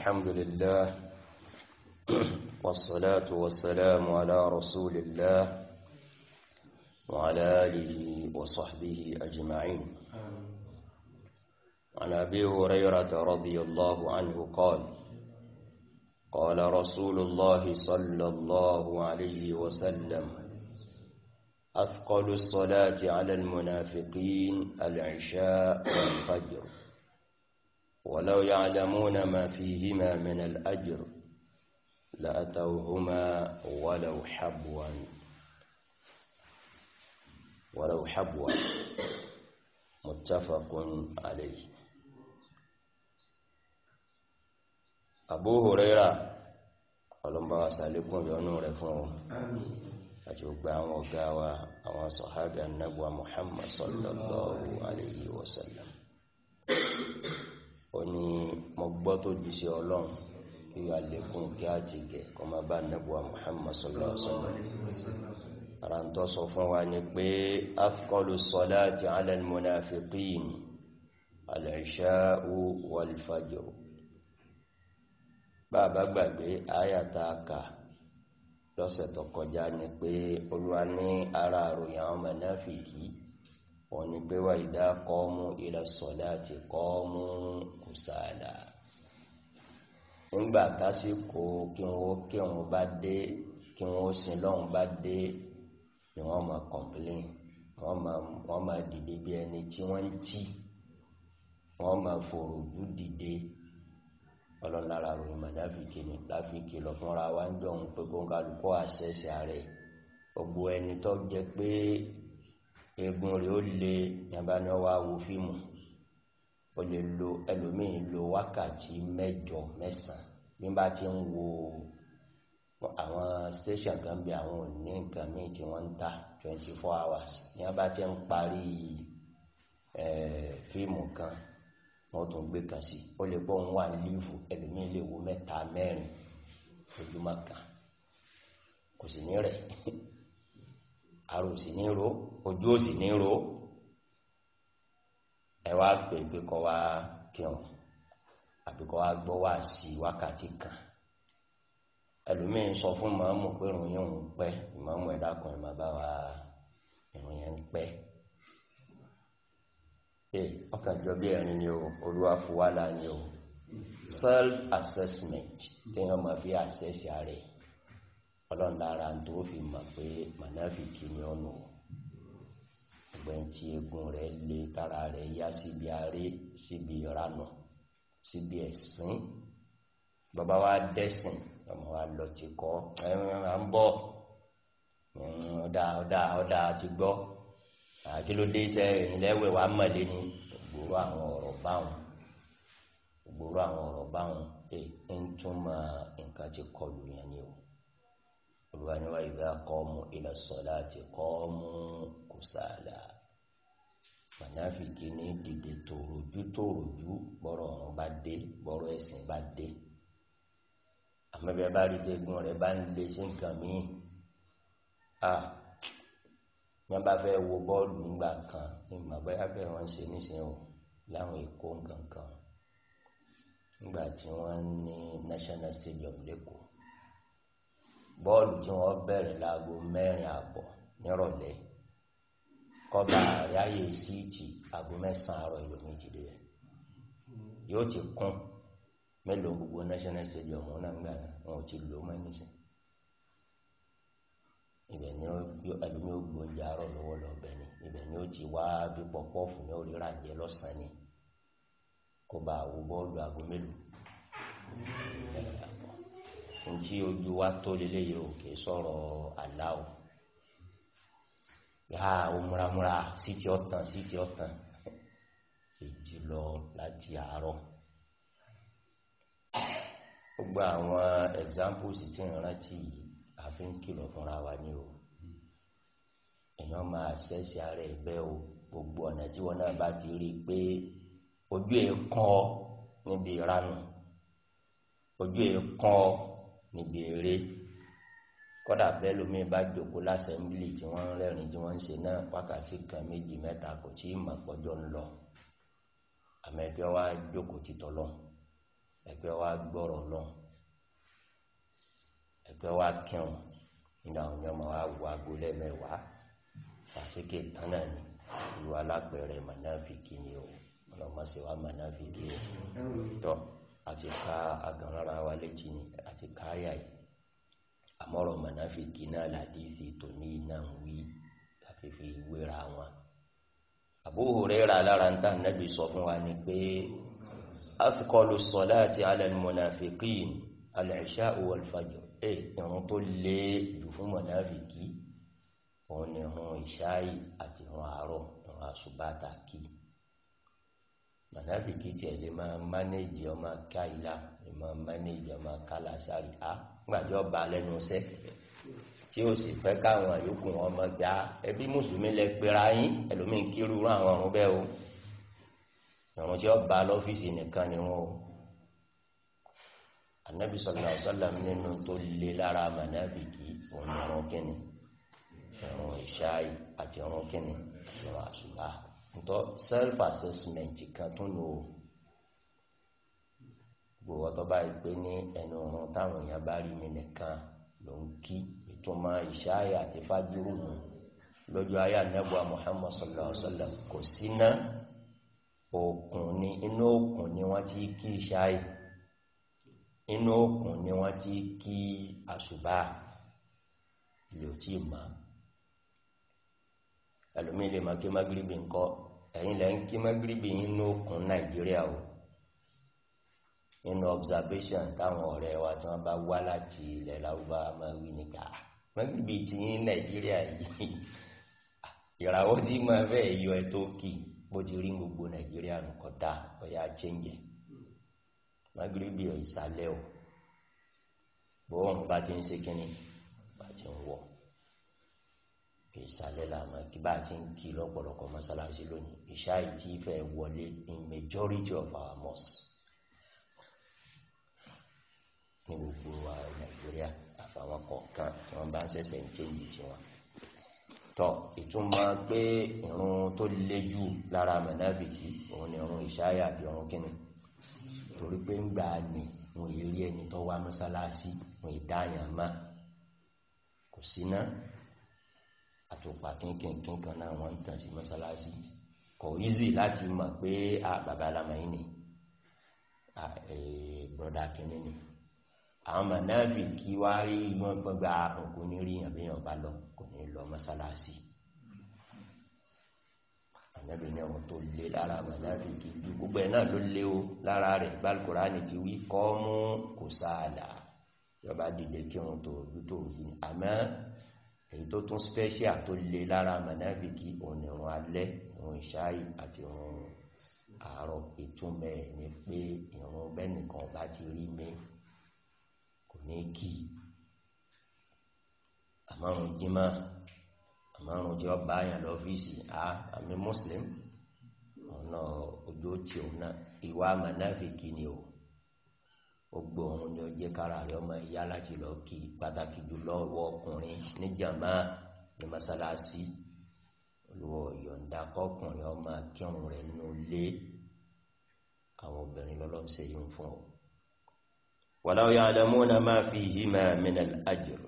الحمد لله والصلاة والسلام على رسول الله وعلى آله وصحبه أجمعين عن أبي هريرة رضي الله عنه قال قال رسول الله صلى الله عليه وسلم أثقل الصلاة على المنافقين العشاء والفجر ولو يعلمون ما فيهما من الأجر لأتوهما ولو حبوا ولو حبوا متفق عليه أبو هريرة قلن بها سألكم يونو رفعه أجوب بها وقاوة أما النبوة محمد صلى الله عليه وسلم gbọ́ tó jíṣẹ́ ọlọ́run kí a lè kún kí a ti gẹ̀ kọ́ máa bá nẹ́bùwà Muhammad sallallahu alaihi wasallam ara ń tọ́ sọ fún wa ni pé afqalu salati ala al-munafiqin al-isha'u wal-fajr bàbá gbàgbé ayàtà kà lọ́sẹ̀ tó kọjá ni pé olúwa ní ara àròyìn àwọn mùnáfìkí wọ́n ní pé wà idha qamu ila salati qamu kusala nígbà tásìkò kí wọn kí wọn bá dé kí wọn sin lọ́hùn bá dé ni wọ́n máa complain wọ́n máa wọ́n máa dìde bí ẹni tí wọ́n ń tì wọ́n máa fòròjú dìde ọlọ́lára ròyìn màdáfíkì ní láfíkì lọ fúnra wa ń jọ̀hún pé kó ń kálukọ́ gbogbo ẹni tó jẹ pé egun rẹ̀ ó le yàrá ni wọ́n fíìmù ó lè lo ẹlòmíì lo wákàtí mẹ́jọ mẹ́sàn bí n bá ti ń wo àwọn station kan bí àwọn òní nǹkan míì tí wọ́n ń ta twenty four hours ní wọ́n bá ti ń parí fíìmù kan wọ́n tún gbé kan sí ó lè pọ̀ ń wà lífù ẹlòmíì lè wo mẹ́ta mẹ́rin ojúmọ́ kan kò sì ní rẹ̀ àrò sì ní ro ojú ò sì ní ro ẹ wá pè pé kọ́ wá kírun àbí kọ́ wá gbọ́ wá sí wákàtí kan ẹlòmíín sọ fún màámù pé ìrun yẹn ń pẹ́ ìmàámù ẹ̀ dákun ẹ̀ bá wa ìrun ń pẹ́ ọkàn jọ bí ẹ̀rin ni o olúwa fúwálà ni o self-assessment téèyàn máa fi assess rẹ̀ ọlọ́run lára tó fi mọ̀ pé mànáfìkì ni ọ̀nà o àfẹn tí egun rẹ̀ le tára rẹ̀ yá síbi aré síbi ìranù síbi ẹ̀sìn bàbá wa dẹ́sìn ọmọ wa lọ ti kọ́ ẹ̀rìn à ń bọ̀ ọ̀dà ọ̀dà ọ̀dà ti gbọ́ àkílódé iṣẹ́ ìrìnlẹ́wẹ̀ wa mọ̀lé ni gbòòrò àwọn ọ̀rọ̀ báwọn gbòòrò àwọn ọ̀rọ̀ báwọn ẹ̀ ń túmọ̀ nǹkan ti kọlù yẹn ni o olùwàníwá ìdá kọ́ mu ila salati kọ́ mu kùsàlà. Mùnáfìkì ní dìde tòròjú tòròjú bọ́rọ̀ ọ̀run bá dé bọ́rọ̀ ẹ̀sìn bá dé àmọ́bẹ̀ bá rí tẹ́gùn rẹ̀ bá ń lè ṣe nǹkan míì à wọ́n bá fẹ́ wo bọ́ọ̀lù ńgbà kan ní màbáyá bẹ́ẹ̀ wọ́n ṣe níṣẹ́ o láwọn èkó nǹkan kan nígbà tí wọ́n ní national stadium lẹ́kọ̀ọ́ bọ́ọ̀lù tí wọ́n bẹ̀rẹ̀ láago mẹ́rin àbọ̀ nírọ̀lẹ́ Kọbaa, ráyè síìtì aago mẹ́sàn-án àárọ̀ ìlòmí ìjìdí rẹ̀ yóò ti kún mélòó gbogbo national stadium wọn náà wọn ò ti lò ó mọ́ nísìn ibẹ̀ ni ẹlòmí ó gbóúnjẹ àárọ̀ lọ́wọ́ lọ́bẹ̀ ni ni ti wá bí ni kó ojú wa tó kì í yà ó múramúra sí ti ọ̀tàn sí ti ọ̀tàn èjì lọ láti àárọ̀ gbogbo àwọn examples tí ń rántí àfi ń kìlọ̀ fúnra wa ní o èèyàn máa ṣẹ́ṣì ara ẹ̀ bẹ́ẹ̀ o gbogbo ọ̀nà tí wọn náà bá ti rí i pé ojú ẹ̀ kọ́ níbi ìranù ojú ẹ̀ kọ́ níbi eré kọ́dà bẹ́ẹ̀ lómi bá jòkó lásẹ̀mbílì tí wọ́n ń rẹ́rìn tí wọ́n ń ṣe náà wákàtí kan méjì mẹ́ta kò tí ì mọ̀ pọ́jọ́ ń lọ àmọ́ ẹgbẹ́ wa jòkó títọ́ lọ ẹgbẹ́ wa gbọ́rọ̀ lọ ẹgbẹ́ wa kírun nínú àwọn ọmọ wa wo aago lẹ́mẹ̀wàá fàṣíkè tán náà ni ìlú alápẹ̀rẹ̀ mọ̀nàfíkì ni o ọlọ́mọṣe wa mọ̀nàfíkì o tọ́ àti ká agànlára wa létí ni àti ká yà yìí àmọ́rọ̀ mọ̀náfíkì náà làdíìsì tòní náà ń wí láti fi wéra wọn Abu Huraira lára ń tàn nẹ́bí sọ fún wa ni pé afqalu salati ala al-munafiqin al-isha'u wal-fajr ẹ̀ ìrun tó lé jù fún mọ̀náfíkì òun ni ìrun ìṣáì àti ìrun àárọ̀ ìrun àṣùbátà kìí Mùnáfìkì tí ẹ lè máa manage ọmọ ká ìlà, lè máa manage ọmọ ká làṣàrì. À, nígbàtí ó bá lẹ́nu iṣẹ́ tí ó sì fẹ́ káwọn yòókù wọn mọ̀ pé a, ẹbí Mùsùlùmí lẹ pera yín, ẹlòmíì kírú àwọn ọ̀run bẹ́ẹ̀ o. Ìrun tí ó bá lọ́fíìsì nìkan ni wọn o. Ànábì sallallahu alaihi nínú tó le lára mùnáfìkì òun ìrun kíni, ìrun ìṣáì àti ìrun kíni, ìrun àsùbá ntọ́ self assessment kan tún lò ó gbogbo ọtọ́ báyìí pé ní ẹnu ọ̀run táwọn èèyàn bá rí mi nìkan ló ń kí ìtumọ̀ ìṣááyà àti fájúrù nù lójú ayé anábùa Muhammad sallallahu alaihi wa sallam kò síná òkun ni inú òkun ni wọ́n ti kí ìṣááyà inú òkun ni wọ́n ti kí àṣùbà lè ò tí ì máa ẹlòmíì lè máa kí magrebi ńkọ ẹ̀yin lẹ ń kí magrebi nínú òkun nàìjíríà o nínú observation táwọn ọ̀rẹ́ wa tí wọ́n bá wá láti ilẹ̀ lárúbáwá máa wí nígbà magrebi ti ní nàìjíríà yìí ìràwọ̀ tí máa fẹ́ yọ ẹ tó kì bó ti rí gbogbo nàìjíríà nǹkan dá ọ̀yà chẹ́ǹjẹ̀ magrebi ìsàlẹ̀ o bọ́ọ̀n bá ti ń ṣe kínní bá ti ń wọ̀ òkè ìsàlẹ̀ làmọ́ kí bá ti ń kí lọ́pọ̀lọpọ̀ mọ́sálásí lónìí ìṣá ìtí fẹ́ wọlé in majority of our mosques ní gbogbo wa nàìjíríà àfàwọn kọ̀ọ̀kan tí wọ́n bá ń ṣẹ̀ṣẹ̀ ń chéjì tiwọn tọ́ ìtumọ̀ pé ìrun tó le jù lára mọ̀nàbìkì òun ni ìrun ìṣáyà àti ìrun kíni torí pé ń gbà ní wọn èrí ẹni tó wá mọ́sálásí wọn ìdáyàn kò sí náà àtùpà kínkínkín kan náà wọ́n ń tàn sí mọ́sálásí kò easy láti mọ̀ pé à ah, bàbá alamayí ni à ah, eh, broda kìíní ni àwọn mọ̀nàfì kí wá rí wọn gbọ́gbà ah, òkú ní rí yàn bí yàn bá lọ kò ní lọ mọ́sálásí ànábì ní ọmọ tó lé lára mọ̀nàfì kí ju gbogbo ẹ̀ náà ló lé o lára rẹ̀ bálkùrá ní ti wí kọ́ mú kò sáàdà yọba dìde kí wọn tó ojú tó àmọ́ èyí tó tún special tó lè lára mọ̀nàbìkì ònìrùn alẹ́ òun ìṣáì àti òun àárọ̀ ìtumọ̀ ẹ̀ ni pé ìrun bẹ́nìkan bá ti rí mi kò ní kí àmọ́rùn jímá àmọ́rùn jẹ́ ọba àyàn lọ́fíìsì a àmì muslim ọ̀nà ojú tí òun náà ìwà mọ̀nàbìkì ni o gbogbo òun ni ó jẹ́ kára rẹ̀ ọmọ ìyá láti lọ kí pàtàkì jùlọ ọwọ́ ọkùnrin níjàmbá ní mọ́sálásí olùwọ̀ yọ̀ǹda kọkùnrin ọmọ akẹ́hùn rẹ̀ nù lé àwọn obìnrin lọ́lọ́ ṣe yìí fún ọ. walau ya'lamuna ma fihima minal ajr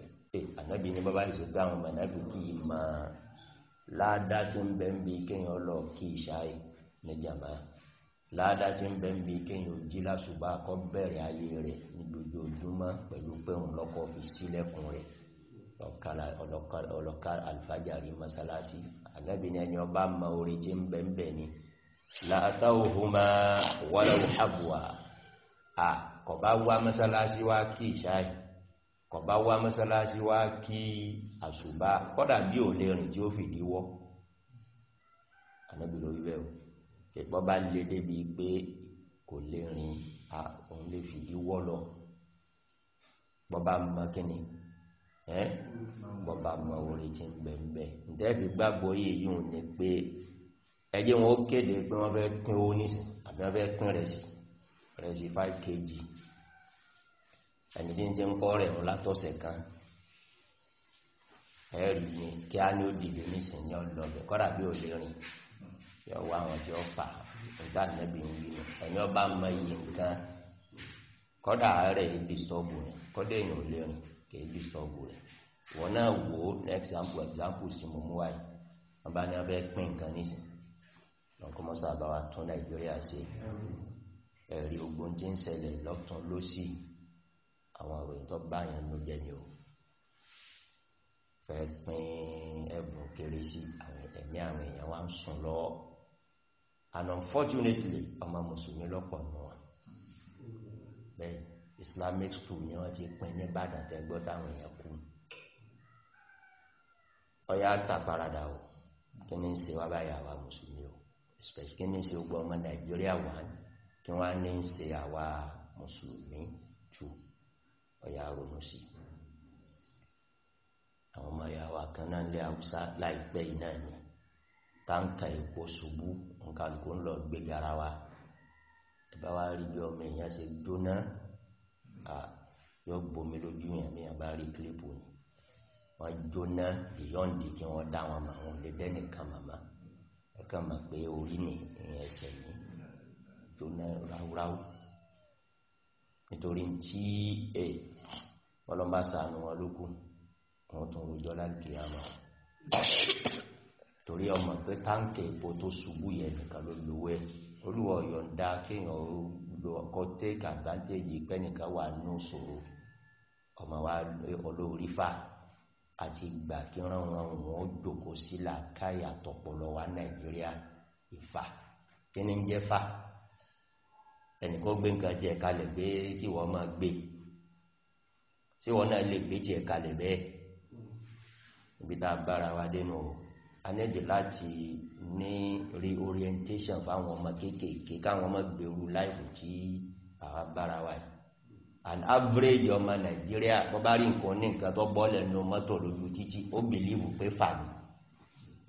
ànábì ní bàbá ìṣe gbé àwọn mọ̀nàbí kì í máa ládá tí ń bẹ ń kéèyàn lọ kí ìṣáì níjàmbá láàdá tí ń bẹ ń bi kéèyàn jí lásùbà kó bẹ̀rẹ̀ ayé rẹ̀ ní gbogbo ojúmọ́ pẹ̀lú pé òun lọ́kọ́ fi sílẹ̀kùn rẹ̀ ọlọ́ka alfajari masalasi anabi ni ẹni ọba ma orí tí ń bẹ ń bẹ ni látàwòhùnmá wàlàwò hàbùwà à kọ̀bá wá masalasi wá kí ìṣáì kọ̀bá wá masalasi wá kí àsùbà kọ́dà bí ò lè rìn tí ó fìdí wọ́ anabi ló wí bẹ́ẹ̀ o ìpọ́ bá lè débi pé kò lè rìn à òun lè fìdí wọ́ lọ bọ́bá mọ kíni ẹ́ bọ́bá mọ orí tí ń bẹ̀ ń bẹ̀ ǹdẹ́bí gbàgbọ́ yìí yìí ni pé ẹjẹ́ wọn ó kéde pé wọ́n fẹ́ pín owó nísìn àbí wọ́n fẹ́ pín rẹ̀ sí rẹ̀ sí five kg ẹni tí ń ti ń kọ́ rẹ̀ wọn látọ̀sẹ̀ kan ẹ̀rí ni kí á ní ó dìde nísìn ní ọlọ́bẹ̀ kọ́dà bí ò lè rìn yọ wá àwọn tí ó fà ìgbà nẹ́bí ń ni ẹni ọba mọ iye nǹkan kọ́dà rẹ̀ ibi sọ́ọ̀bù rẹ̀ kọ́dà èèyàn ò lè rìn kì í bí náà wò ó ní example example sí mo mú wáyé wọ́n bá ní abẹ́ pín nǹkan nísìn lọ́nkọ́ mọ́sá bá wa tún nàìjíríà ṣe ẹ̀rí ogun tí ń ṣẹlẹ̀ lọ́tún lọ́sì àwọn ìròyìn tó bá yẹn ló jẹ́ ni o fẹ́ pín ẹ̀bùn kérésì àwọn ẹ̀mí àwọn èèyàn wa ń sùn lọ́wọ́ and unfortunately ọmọ mùsùlùmí lọ́pọ̀ nù wọn bẹ́ẹ̀ islamic school ni wọ́n ti pín ní Ìbàdàn tẹ́gbọ́ táwọn èèyàn kú ọyá tàparadà o kí ni ń ṣe wá báyà wa mùsùlùmí o especially kí ni ń ṣe gbogbo ọmọ Nàìjíríà wà kí wọ́n ní ń ṣe àwa mùsùlùmí jù ọyá ronú sí àwọn ọmọ ìyá wa kan Haúsá láìpẹ́ yìí ni táǹkà epo ṣubú nǹkan kò ń lọ gbé garawa ẹ̀bá wá rí bí ọmọ èèyàn ṣe jóná à yóò gbomi lójú yẹn bí yẹn bá rí kílípù ni wọ́n jóná ìyọ́ǹdì kí wọ́n dá wọn mọ̀ wọn lè dẹ́nìkan màmá ẹ̀ka mọ̀ pé orí ni ìyẹn ẹsẹ̀ ní jóná ráúráú nítorí tí ẹ ọlọ́mọ bá sànù wọn lókun wọn tún rojọ́ láti àwọn torí ọmọ pé táǹkì epo tó ṣubú yẹn nìkan ló lówó ẹ olúwa yọ̀ǹda kéèyàn lo ọkọ take advantage pé nìkan wà nínú ṣòro ọmọ wa olórí fa àti ìgbà kí ránran wọn ó jókòó sí làákàyà tọpọlọ wa nàìjíríà ìfà kí ni ń jẹ fà ẹnìkan gbé nǹkan jẹ kalẹ̀ gbé kí wọ́n máa gbé ṣé wọn náà lè gbé jẹ kalẹ̀ bẹ́ẹ̀ ibi tá a bára wa dénú o anẹ́dì láti ní reorientation fáwọn ọmọ kéékèèké káwọn ọmọ gbèrú láìfù tí àwọn bára wa yìí an average ọmọ nàìjíríà tó bá rí nǹkan ní nǹkan tó bọ́ lẹ́nu mọ́tò lójú títí ó bìlíìfù pé fàní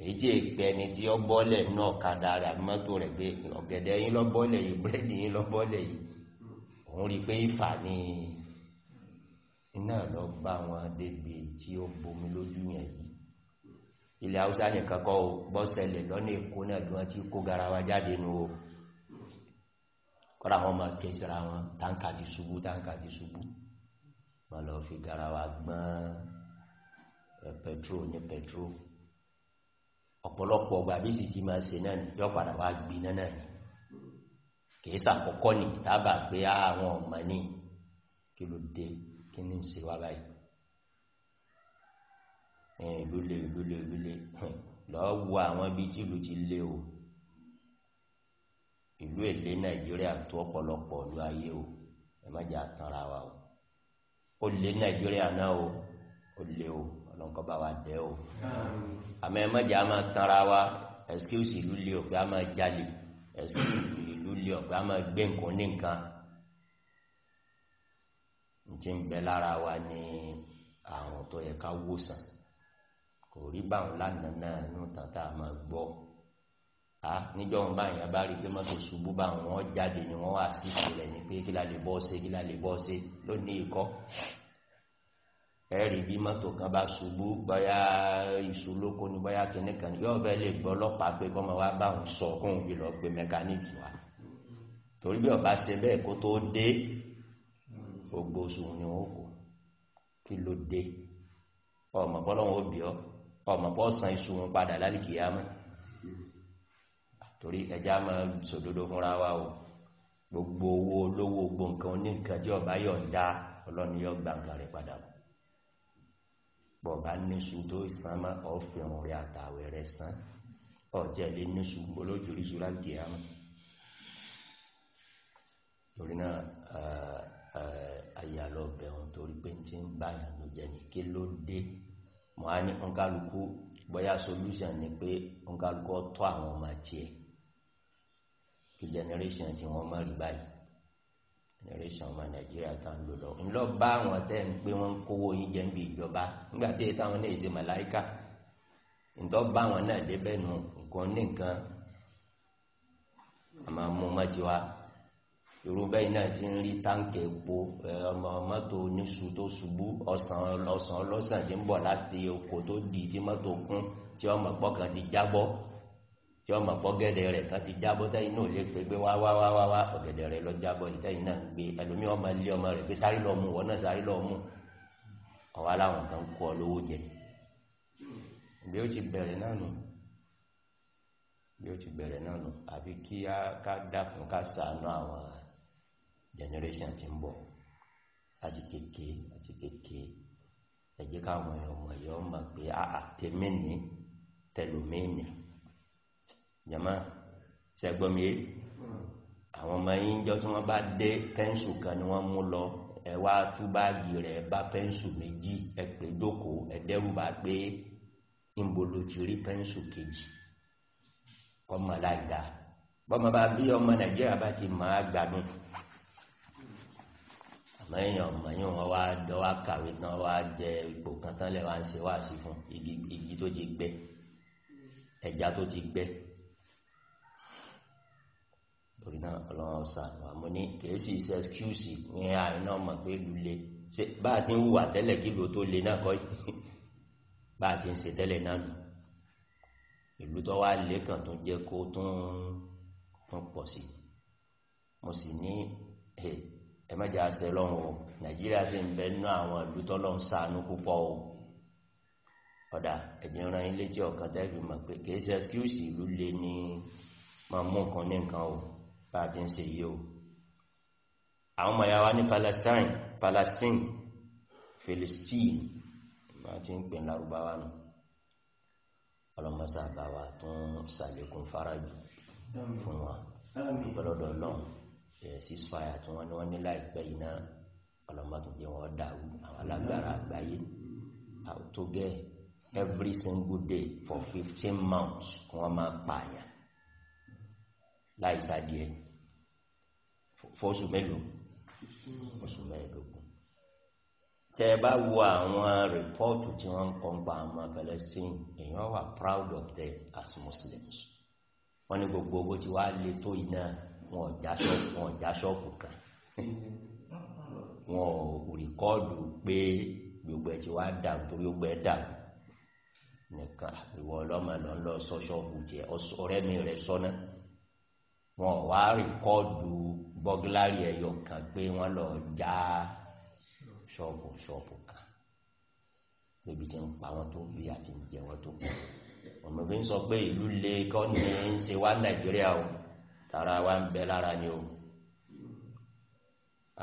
èyí tí èpè ẹni tí ó bọ́lẹ̀ náà kàdà rẹ̀ mọ́tò rẹ̀ pé ọ̀gẹ̀dẹ̀ yín lọ́ bọ́lẹ̀ búrẹ́dì yín lọ́ bọ́lẹ̀ òun rí i pé ìfà iná lọ bá wọn débi tí ó bomi lójú yẹn yìí ilẹ̀ haúsá nìkan kọ́ o bọ́sẹ̀lẹ̀ lọ́nà èkó náà bí wọ́n ti kó garawa jáde nù o kọ́ra wọn máa ké síra wọn táǹkà ti ṣubú táǹkà ti ṣubú wọn lọ fi garawa gbọ́n pẹtró ní pẹtró ọ̀pọ̀lọpọ̀ ọgbà bí sì ti máa ṣe náà ni yọ padà wá gbiná náà ni kìí ṣàkọ́kọ́ ni tábà pé àwọn ah, ọmọ ní kí ló dé kí ní ń ṣe wá báyìí ìlú le ìlú le ìlú le lọ́ọ́ wo àwọn ibi tí ìlú ti le o ìlú èlé nàìjíríà tó ọ̀pọ̀lọpọ̀ ìlú ayé o ẹ má jà tanra wa o ó lé nàìjíríà náà o ó lé o ọlọ́nkọ́ bá wa dẹ́ o àmọ́ ẹ má jà máa tanra wa excuse ìlú lé ọ̀gá máa jalè excuse ìlú lé ọ̀gá máa gbé nǹkan ní nǹkan n ti ń bẹ lára wa ní àrùn tó yẹ ká wòsàn kò rí báwọn lánàá náà nù tàtà máa gbọ́ a níjọ́ wọn báyìí a bá rí pé mọ́tò ṣubú báwọn wọn jáde ni wọ́n wá sí ìṣẹ̀lẹ̀ ni pé kí la lè bọ́ ṣe kí la lè bọ́ ṣe lónìí ikọ́ ẹ̀rí bí mọ́tò kan bá ṣubú bóyá iṣu lóko ni bóyá kìnnìkan ni yóò fẹ́ lè gbọ́ ọlọ́pàá pé kọ́mọ wá báwọn sọ kóun fi lọ pe mẹkáníìkì wa torí bí ọba ṣe bẹ́ẹ̀ kó tó dé gbogbo oṣù ni wọn kò kí ló dé ọmọ bọ́lọ́wọ́n ó bì ọ́ ọmọ bọ́ san iṣu wọn padà lálìkìyàmọ́ torí ẹjá máa sòdodo fúnra wa o gbogbo owó olówó gbogbo nǹkan oníǹkan tí ọba yọ̀ ń dá ọlọ́ni yọ gba nǹkan rẹ̀ padà bọ̀bá níṣu tó san mọ́ ọ̀fìrùn rẹ̀ àtàwẹ̀ rẹ̀ san ọ̀jẹ̀ lé níṣu olójúríṣu lálìkìyàmọ́ torí náà àyà lọ bẹ̀rùn torí pé ń ti ń báyà ló ní kí ló dé mo á ní ọ̀nkálukú bóyá solution ni pé ọ̀nkálukú ọ̀tọ́ àwọn ọmọ tiẹ̀ kí generation tí wọ́n mọ̀ rí báyìí generation ọmọ nàìjíríà tá ń lò lọ ńlọ bá àwọn tẹ́ ń pé wọ́n ń kówó yín jẹ́ ń bí ìjọba nígbà tí èyí táwọn náà ṣe màláìkà ńtọ́ bá àwọn náà débẹ̀ nù nǹkan ní nǹkan àmọ́ mo mọ́ tiwa irú bẹ́ẹ̀ náà ti ń rí táǹkì epo ọmọ mọ́tò oníṣu tó ṣubú ọ̀sán ọ̀sán ọlọ́sàn ti ń bọ̀ láti oko tó di tí mọ́tò kún tí ọmọ pọ́ kan ti jábọ́ tí ọmọ pọ́ gẹ̀dẹ̀ rẹ̀ kan ti jábọ́ tẹ́yìn náà lè pe pé wá wá wá wá wá ọ̀gẹ̀dẹ̀ rẹ̀ lọ jábọ́ yìí tẹ́yìn náà gbé ẹlòmíì ọmọ ilé ọmọ rẹ̀ pé sáré lọ́mú wọ́n náà sáré lọ́mú ọ̀wá láwọn kan kọ́ lówó jẹ bí ó ti bẹ̀rẹ̀ náà nù bí ó ti bẹ̀rẹ̀ náà nù àfi kí ká dákun ká ṣàánú àwọn generation tí ń bọ̀ láti kéèké àti kéèké ẹ jẹ́ káwọn ọmọ yìí mọ̀ pé àtẹ̀mí ni tẹlòmí jama ṣẹgbọmi àwọn ọmọ yìí ń jọ tí wọ́n bá dé pẹ́ńsù kan ni wọ́n mú lọ ẹ wá tú báàgì rẹ̀ bá pẹ́ńsù méjì ẹ pè jókòó ẹ dẹ́rù bá pé níbo ló ti rí pẹ́ńsù kejì ọmọ láìda bọ́mọ bá bí ọmọ nàìjíríà bá ti máa gbádùn mẹ́yìn ọ̀mọ̀ yìí wọ́n wá jọ wá kàwé tán wá jẹ ipò kan tán lẹ̀ wá ń ṣe wá sí fún igi tó ti gbẹ ẹja tó ti gbẹ torí náà ọlọ́run ọ̀sà àmọ́ ní kìí sì ṣe ní àárín náà mọ̀ pé ìlú le ṣe bá a ti ń wùwà tẹ́lẹ̀ kí ìlú tó le náà kọ́ bá a ti ń ṣe tẹ́lẹ̀ náà nù ìlú tó wá lé kàn tó jẹ́ kó tún pọ̀ sí mo sì ní ẹ má jẹ́ àṣẹ lọ́wọ́ o nàìjíríà sì ń bẹ nínú àwọn ìlú tọ́lọ́ ń sàánú púpọ̀ o ọ̀dà ẹ̀jẹ̀ ran yín létí ọ̀kan tẹ́lifí mọ̀ pé kìí ṣe ẹ́skíùsì ìlú le ní máa nǹkan ní nǹkan o bá a ti ń ṣe yìí o àwọn ọmọ ìyá wa ní Palestine Palestine Philistine wọ́n ti ń pè ní Lárúbáwá nù ọlọ́mọṣà bá wa tún ṣàlékún fárájú fún wa ọlọ́dọ̀ ceasefire tí wọ́n ní wọ́n ní láìpẹ́ iná ọlọ́mọdúnjẹ wọn dàrú àwọn alágbára àgbáyé tó gẹ́ every single day for fifteen months kí wọ́n máa pààyàn láìsàdìẹ fọ́sù mélòó fọ́sù mẹ́ẹ̀ẹ́dógún tẹ bá wo àwọn rìpọ́ọ̀tù tí wọ́n ń kọ́ ń pa àwọn Palestine èèyàn wà proud of them as Muslims wọ́n ní gbogbo owó tí wàá le tó iná wọn ọ̀já ṣọ́ọ̀bù wọn ọ̀já ṣọ́ọ̀bù kan wọn ò rìkọ́ọ̀dù pé gbogbo ẹ̀ ti wá dàrú torí ó gbẹ dàrú nìkan ìwọ ọlọ́mọ lọ lọ sọ ṣọ́ọ̀bù tiẹ̀ ọ̀rẹ́ mi rẹ sọ́nà wọn wá rìkọ́ọ̀dù bọ́gílárì ẹ̀yọ kan pé wọ́n lọ já ṣọ́ọ̀bù ṣọ́ọ̀bù kan Ebi tí ń pa wọn tó bí àti ń jẹ wọn tó ọmọ bí ń sọ pé ìlú le kọ́ ni ń ṣe wá Nàìjíríà o. tara wa ń bẹ lára ni o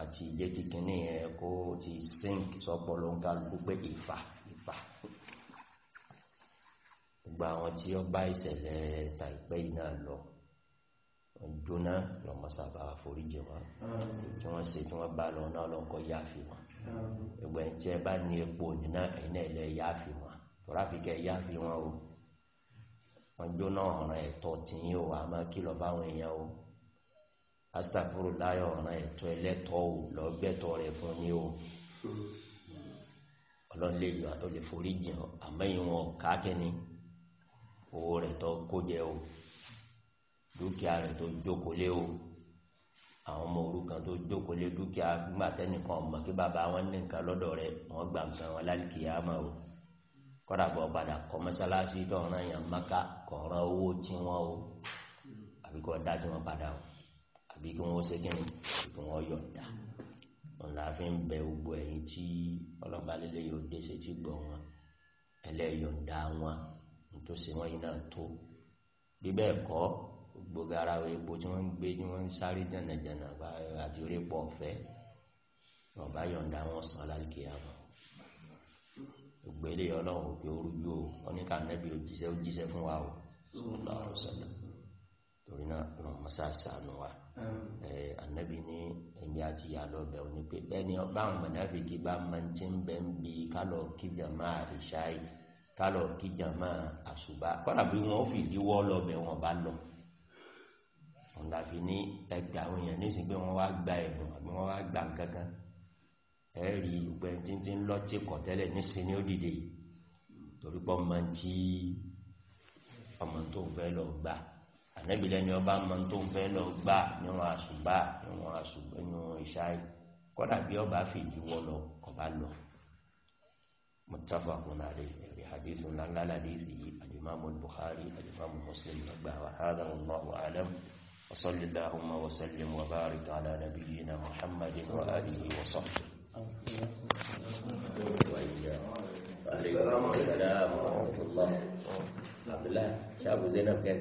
àti ilé kíkíní ẹ kó ti sink sọpọlọ ń kálukú pé ìfà ìfà gbogbo àwọn tí ó bá ìṣẹ̀lẹ̀ tàìpẹ́ iná lọ jóná lọmọsàbà foríjì wọn tí wọ́n ṣe tí wọ́n bá lọ náà lọ́kọ́ yáàfi wọn gbogbo ń jẹ́ bá ní epo nínú ẹ̀yìn ẹ̀lẹ́ yáàfi wọn tọ́ráfikẹ́ yáàfi wọn o wọn jóná ọ̀ràn ẹ̀tọ́ tí yín o àmọ́ kìlọ̀ báwọn èèyàn o astafuru láyọ̀ ọ̀ràn ẹ̀tọ́ ẹlẹ́tọ́ o lọ́gbẹ́tọ́ rẹ̀ fún ni o ọlọ́lẹ̀ yìí o lè forí jìn ọ àmọ́ ìwọ̀n kákẹ́ni owó rẹ̀ tó kó jẹ o dúkìá rẹ̀ tó jókòó o àwọn ọmọ òrukàn tó jókòó dúkìá gbàtẹ́nìkan ọmọ kí bàbá wọn ní nǹkan lọ́dọ̀ rẹ̀ wọ́n gbà wọn lálùkìyà máa kọ́dà bọ̀ padà kọ́ mọ́sálásí tọ́ran yàn maka kọ̀ọ̀rọ̀ owó tí wọ́n o àbí kọ́ dá tí wọ́n padà o àbí kí wọ́n ṣe kí wọ́n yọ̀ǹda wọn la fi ń bẹ gbogbo ẹ̀yin tí ọlọ́ba lélẹ̀ yóò dé ṣe tí gbọ̀ wọn ẹlẹ́yọ̀ǹda wọn tó ṣe wọ́n yìí náà tó bí bẹ́ẹ̀ kọ́ gbogbo gara epo tí wọ́n ń gbé tí wọ́n ń sáré jànàjànà àti orí pọ̀ ọ̀fẹ́ ọ̀bá yọ̀ǹda wọn sàn lálùkìyà wọn gbogbo eléyìí ọlọ́run òkè orújú o oníkà nẹ́bí òjíṣẹ́ òjíṣẹ́ fún wa o lọ́rọ̀ sọ́lọ̀ torí náà ràn mọ́sá sànù wa ànẹ́bí ní ẹni àti ìyá lọ́bẹ̀ òní pé bẹ́ẹ̀ni ọba àwọn mọ̀nàfíkì bá máa ti ń bẹ́ ń bi kálọ̀ kíjà máa ìṣáì kálọ̀ kíjà máa àṣùbà kọ́dà bí wọ́n fi ìdíwọ́ lọ́bẹ̀ wọn bá lọ ọ̀nà àfi ní ẹgbẹ̀ àwọn èèyàn nísìnyí pé wọ́n wá gba ẹ̀bùn àbí wọ́n wá gba nǹkan kan ẹ̀rí ìgbẹ́ tí tí ń lọ tí kọ̀ tẹ́lẹ̀ níṣẹ́ ni ó dìde torí pọ́ ma tí ọmọ tó fẹ́ lọ gbà ànẹ́bìlẹ̀ ni ọba ọmọ tó fẹ́ lọ gbà níwọ̀n àṣùgbà níwọ̀n àṣùgbà níwọ̀n ìṣáì kọ́dà bí ọba fi ìdíwọ́ lọ ọba lọ متفق عليه في حديث لا الحديث الإمام البخاري الإمام مسلم نبه وهذا والله أعلم وصل اللهم وسلم وبارك على نبينا محمد وآله وصحبه السلام عليكم ورحمة الله عبد الله شاب زينب كيف؟